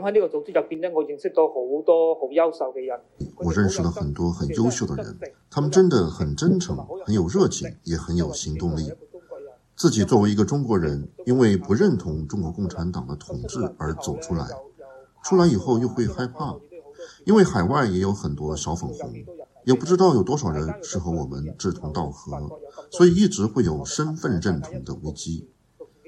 呢個組織我認識到好多好優秀嘅人。我認識了很多很優秀的人，他們真的很真誠，很有熱情，也很有行動力。自己作為一個中國人，因為不認同中國共產黨的統治而走出來，出來以後又會害怕，因為海外也有很多小粉紅，也不知道有多少人是和我們志同道合，所以一直會有身份認同的危機。